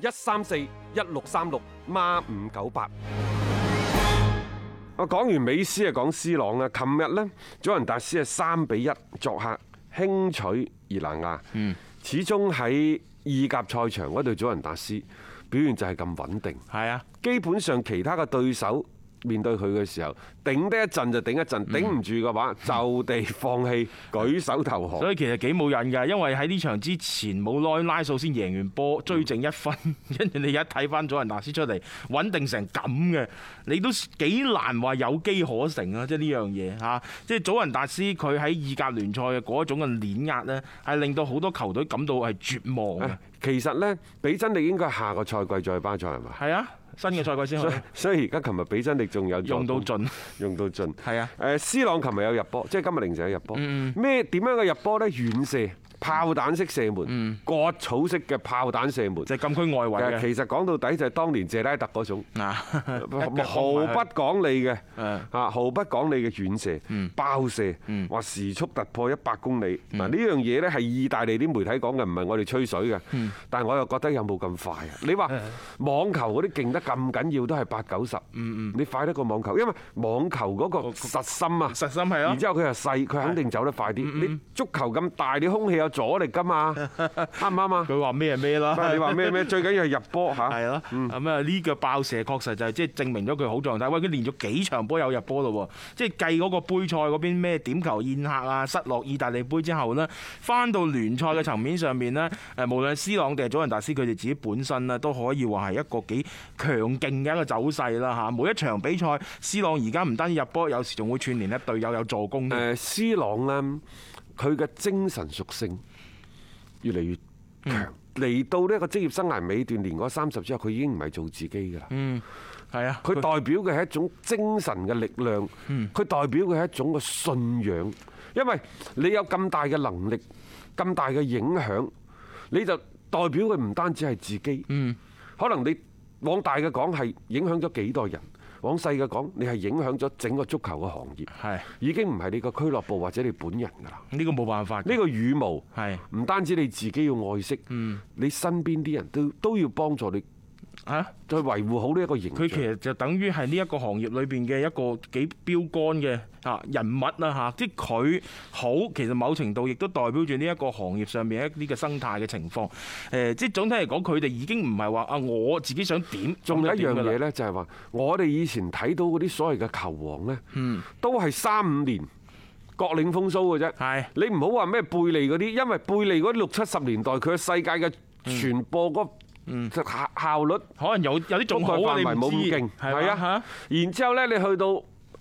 一三四一六三六孖五九八。我講完美斯啊，講斯朗啊。琴日呢祖雲達斯係三比一作客輕取熱拿亞。嗯，始終喺意甲賽場嗰隊祖雲達斯表現就係咁穩定。係啊，基本上其他嘅對手。面對佢嘅時候，頂得一陣就頂一陣，頂唔住嘅話就地放棄，舉手投降。嗯、所以其實幾冇癮㗎，因為喺呢場之前冇耐拉數先贏完波，追剩一分，跟住、嗯、你一睇翻祖雲達斯出嚟穩定成咁嘅，你都幾難話有機可乘啊！即係呢樣嘢嚇，即、就、係、是、祖雲達斯佢喺意甲聯賽嘅嗰種嘅碾壓呢，係令到好多球隊感到係絕望、嗯、其實呢，比真你應該下個賽季再巴賽係嘛？係啊。新嘅賽季先可以，所以，所以而家琴日比真力仲有用到盡，用到盡。係啊，誒，C 朗琴日有入波，即係今日凌晨有入波。咩點、嗯、樣嘅入波咧？遠射，炮彈式射門，割草式嘅炮彈射門，就係禁區外圍嘅。其實講到底就係當年謝拉特嗰種，嗱毫不講理嘅，啊毫不講理嘅遠射、爆射，話時速突破一百公里。嗱呢樣嘢咧係意大利啲媒體講嘅，唔係我哋吹水嘅。但係我又覺得有冇咁快啊？你話網球嗰啲勁得咁緊要都係八九十，你快得過網球，因為網球嗰個實心啊，實心係咯。然之後佢又細，佢肯定走得快啲。你足球咁大，你空氣有阻力㗎嘛，啱唔啱啊？佢話咩咩啦？你話咩咩？最緊要係入波嚇。係咯 了。咁啊呢腳爆射確實就係即係證明咗佢好狀態。喂，佢連續幾場波有入波咯喎。即係計嗰個杯賽嗰邊咩點球宴客啊，失落意大利杯之後呢，翻到聯賽嘅層面上面呢，誒無論 C 朗定係祖雲達斯佢哋自己本身呢，都可以話係一個幾強勁嘅一個走勢啦嚇。每一場比賽 C 朗而家唔單止入波，有時仲會串連呢隊友有助攻。誒 C 朗咧。佢嘅精神屬性越嚟越強，嚟到呢個職業生涯尾段，年過三十之後，佢已經唔係做自己噶啦。嗯，係啊，佢代表嘅係一種精神嘅力量。嗯，佢代表嘅係一種嘅信仰，因為你有咁大嘅能力、咁大嘅影響，你就代表佢唔單止係自己。嗯，可能你往大嘅講係影響咗幾代人。往細嘅講，你係影響咗整個足球嘅行業，係已經唔係你個俱樂部或者你本人㗎喇。呢個冇辦法，呢個羽毛係唔單止你自己要愛惜，你身邊啲人都都要幫助你。嚇！再維護好呢一個形象，佢其實就等於係呢一個行業裏邊嘅一個幾標杆嘅嚇人物啊嚇！即係佢好，其實某程度亦都代表住呢一個行業上面一啲嘅生態嘅情況。誒、啊，即係總體嚟講，佢哋已經唔係話啊我自己想點。仲有一樣嘢咧，就係話我哋以前睇到嗰啲所謂嘅球王咧，嗯都，都係三五年各領風騷嘅啫。係是的 你唔好話咩貝利嗰啲，因為貝利嗰六七十年代佢嘅世界嘅傳播嗯，效率可能有有啲仲好，範圍冇咁勁，係啊。然之後呢，你去到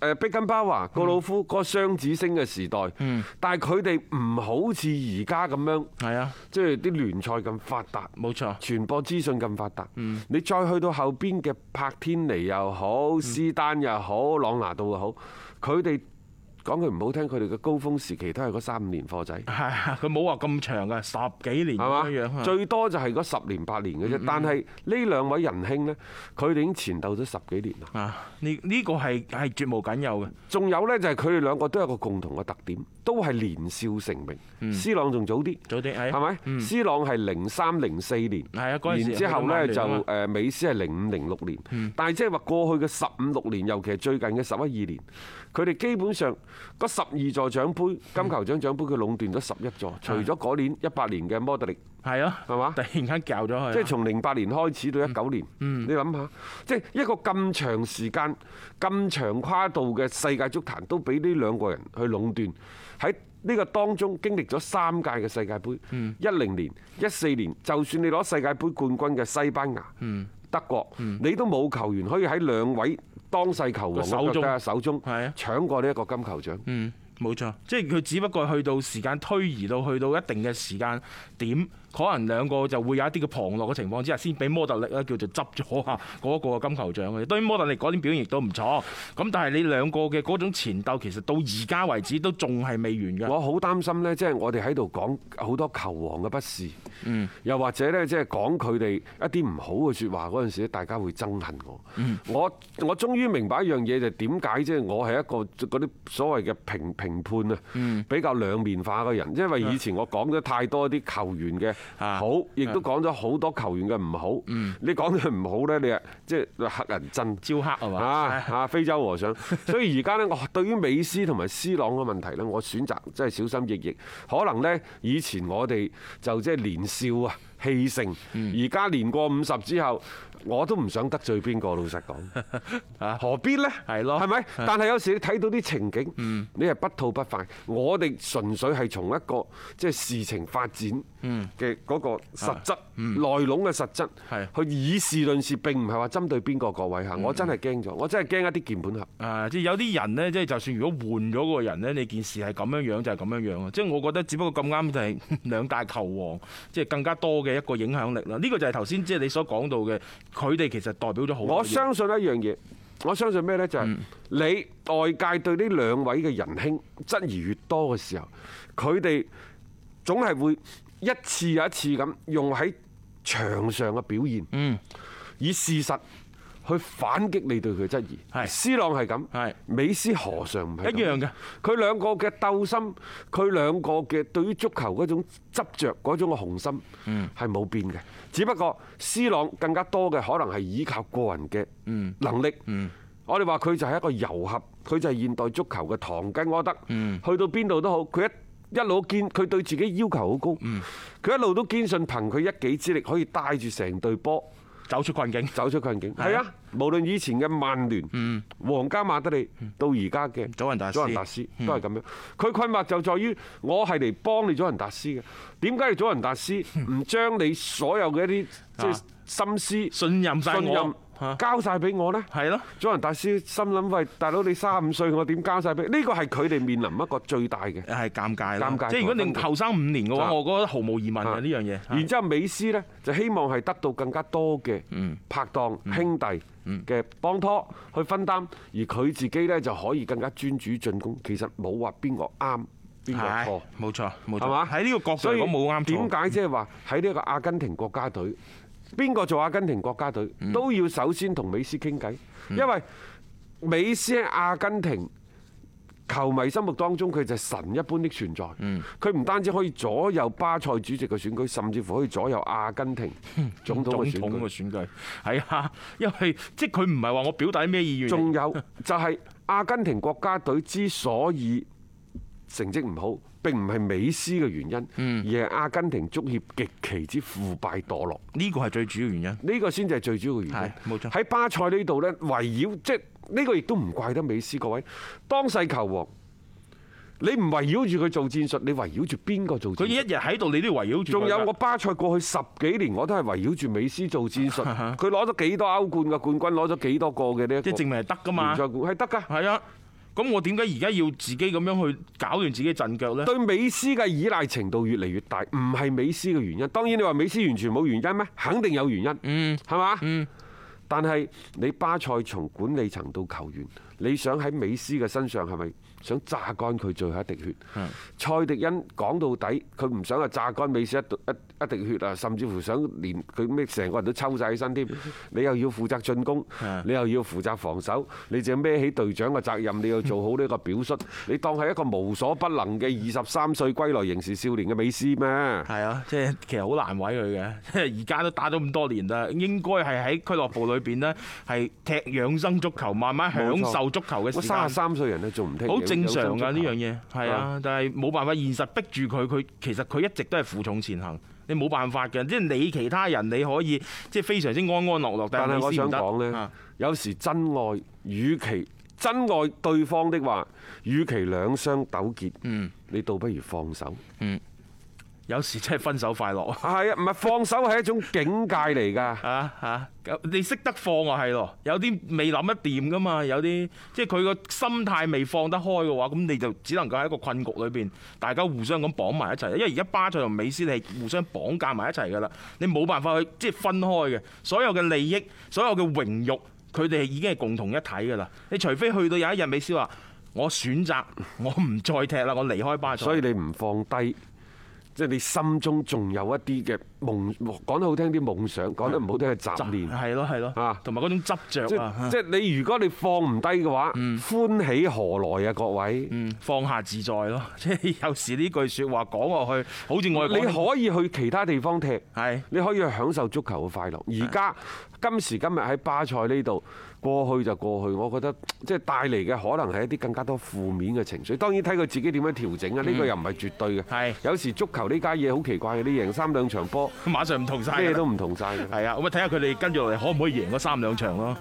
誒碧根巴華、哥老夫、個雙子星嘅時代，嗯，但係佢哋唔好似而家咁樣，係啊，即係啲聯賽咁發達，冇沒錯，傳播資訊咁發達。嗯，你再去到後邊嘅柏天尼又好，斯丹又好，朗拿度又好，佢哋。講佢唔好聽，佢哋嘅高峯時期都係嗰三五年貨仔。係啊，佢冇話咁長嘅，十幾年咁樣樣。最多就係嗰十年八年嘅啫。但係呢兩位仁兄咧，佢哋已經纏鬥咗十幾年啦。啊，呢呢個係係絕無僅有嘅。仲有咧，就係佢哋兩個都有個共同嘅特點，都係年少成名。C 朗仲早啲，早啲係。係咪？C 朗係零三零四年，係啊嗰陣時。然之後咧就誒，美斯係零五零六年。嗯。但係即係話過去嘅十五六年，尤其係最近嘅十一二年。佢哋基本上嗰十二座獎杯，金球獎獎杯佢壟斷咗十一座，除咗嗰年一八對 年嘅摩特力，係啊，係嘛吧？突然間攪咗佢，即係從零八年開始到一九年，嗯嗯、你諗下，即係一個咁長時間、咁長跨度嘅世界足壇都俾呢兩個人去壟斷。喺呢個當中經歷咗三屆嘅世界盃，一零、嗯、年、一四年，就算你攞世界盃冠軍嘅西班牙、嗯、德國，你都冇球員可以喺兩位。當世球王，我覺得手中搶過呢一個金球獎，嗯，冇錯，即係佢只不過去到時間推移到去到一定嘅時間點。可能兩個就會有一啲嘅旁落嘅情況之下，先俾摩特力咧叫做執咗啊嗰個金球獎嘅。對於摩特力嗰啲表現亦都唔錯，咁但係你兩個嘅嗰種前鬥其實到而家為止都仲係未完㗎。我好擔心呢，即係我哋喺度講好多球王嘅不是，嗯，又或者呢，即係講佢哋一啲唔好嘅説話嗰陣時大家會憎恨我，我。我我終於明白一樣嘢就點解即係我係一個嗰啲所謂嘅評評判啊，比較兩面化嘅人，因為以前我講咗太多啲球員嘅。好，亦都講咗好多球員嘅唔好，好。你講佢唔好呢，你係即係黑人憎招黑係嘛？啊非洲和尚。所以而家呢，我對於美斯同埋斯朗嘅問題呢，我選擇即係小心翼翼。可能呢，以前我哋就即係年少啊。氣盛，而家年過五十之後，我都唔想得罪邊個。老實講，何必呢？係咯 是的 吧，係咪？但係有時你睇到啲情景，你係不吐不快。我哋純粹係從一個即係、就是、事情發展嘅嗰個實質。嗯、內籠嘅實質，佢是的 以事論事並唔係話針對邊個，各位嚇、嗯，我真係驚咗，我真係驚一啲鍵盤俠。誒，即係有啲人呢，即係就算如果換咗個人呢，你件事係咁樣、就是、樣就係、是、咁樣樣即係我覺得，只不過咁啱就係兩大球王，即、就、係、是、更加多嘅一個影響力啦。呢、這個就係頭先即係你所講到嘅，佢哋其實代表咗好。我相信一樣嘢，我相信咩呢？就係、是、你外界對呢兩位嘅仁兄質疑越多嘅時候，佢哋總係會一次又一次咁用喺。場上嘅表現，嗯，以事實去反擊你對佢質疑是的 係，C 朗係咁，係，美斯何嘗唔係一樣嘅？佢兩個嘅鬥心，佢兩個嘅對於足球嗰種執着，嗰種嘅雄心，嗯，係冇變嘅。只不過 C 朗更加多嘅可能係依靠個人嘅能力，嗯，我哋話佢就係一個遊俠，佢就係現代足球嘅唐吉訶德，嗯，去到邊度都好，佢一。一路堅，佢對自己要求好高。嗯，佢一路都堅信憑佢一己之力可以帶住成隊波走出困境，境，走出困境。係啊，無論以前嘅曼聯、嗯、皇家馬德里到而家嘅祖雲達斯，都係咁樣。佢困惑就在於，我係嚟幫你祖雲達斯嘅。點解你祖雲達斯唔將你所有嘅一啲即係心思信任曬我？信任交曬俾我咧，係咯！祖雲達斯心諗：喂，大佬你三五歲，我點交曬俾？呢個係佢哋面臨一個最大嘅，係尷尬。尷尬。即係如果你後生五年嘅話，我覺得毫無疑問嘅呢樣嘢。然之後，美斯咧就希望係得到更加多嘅拍檔兄弟嘅幫拖去分擔，而佢自己咧就可以更加專注進攻。其實冇話邊個啱邊個錯，冇錯，冇錯，係嘛？喺呢個角度，如果冇啱錯，點解即係話喺呢個阿根廷國家隊？邊個做阿根廷國家隊都要首先同美斯傾偈，因為美斯喺阿根廷球迷心目當中佢就神一般的存在，佢唔單止可以左右巴塞主席嘅選舉，甚至乎可以左右阿根廷總統嘅選舉。總統嘅選舉係啊，因為即佢唔係話我表達咩意願。仲有就係阿根廷國家隊之所以。成績唔好，並唔係美斯嘅原因，而係阿根廷足協極其之腐敗墮落。呢個係最主要原因，呢個先至係最主要嘅原因。冇錯。喺巴塞呢度呢，圍繞即係呢個亦都唔怪得美斯各位，當世球王，你唔圍繞住佢做戰術，你圍繞住邊個做戰術？佢一日喺度，你都要圍繞住。仲有我巴塞過去十幾年，我都係圍繞住美斯做戰術。佢攞咗幾多歐冠嘅冠軍，攞咗幾多個嘅呢？即係證明係得㗎嘛？係得㗎。係啊。咁我點解而家要自己咁樣去搞亂自己陣腳呢？對美斯嘅依賴程度越嚟越大，唔係美斯嘅原因。當然你話美斯完全冇原因咩？肯定有原因。嗯，係嘛吧？嗯。但係你巴塞從管理層到球員，你想喺美斯嘅身上係咪想榨乾佢最後一滴血？蔡迪恩講到底，佢唔想話榨乾美斯一一一滴血啊，甚至乎想連佢咩成個人都抽曬起身添。你又要負責進攻，你又要負責防守，你仲要孭起隊長嘅責任，你要做好呢個表率，你當係一個無所不能嘅二十三歲歸來仍是少年嘅美斯咩？係啊，即係其實好難為佢嘅。即係而家都打咗咁多年啦，應該係喺俱樂部裏。邊咧，係踢養生足球，慢慢享受足球嘅時間。我三十三歲人呢，仲唔聽？好正常噶呢樣嘢。係啊，但係冇辦法，現實逼住佢，佢其實佢一直都係負重前行。你冇辦法嘅，即係你其他人你可以即係非常之安安樂樂。但係我想講呢，有時真愛與其真愛對方的話，與其兩相糾結，嗯，你倒不如放手，嗯。嗯有時真係分手快樂。係啊，唔係放手係一種境界嚟㗎、啊，嚇、啊、嚇。你識得放啊，係咯。有啲未諗得掂㗎嘛，有啲即係佢個心態未放得開嘅話，咁你就只能夠喺一個困局裏邊，大家互相咁綁埋一齊。因為而家巴塞同美斯係互相綁架埋一齊㗎啦，你冇辦法去即係分開嘅。所有嘅利益、所有嘅榮辱，佢哋已經係共同一體㗎啦。你除非去到有一日美斯話：我選擇我唔再踢啦，我離開巴塞。所以你唔放低。即係你心中仲有一啲嘅。夢講得好聽啲夢想，講得唔好聽係雜念，係咯係咯同埋嗰種執著即係、就是、對 你如果你放唔低嘅話，嗯、歡喜何來啊？各位、嗯，放下自在咯！即係有時呢句説話講落去，好似我你可以去其他地方踢，係對 你可以享受足球嘅快樂。而家對 今時今日喺巴塞呢度，過去就過去。我覺得即係帶嚟嘅可能係一啲更加多負面嘅情緒。當然睇佢自己點樣調整啊！呢、呢個又唔係絕對嘅。有時足球呢家嘢好奇怪嘅，你贏三兩場波。馬上唔同晒，咩都唔同晒嘅。係啊，咁啊睇下佢哋跟住落嚟可唔可以贏嗰三兩場咯。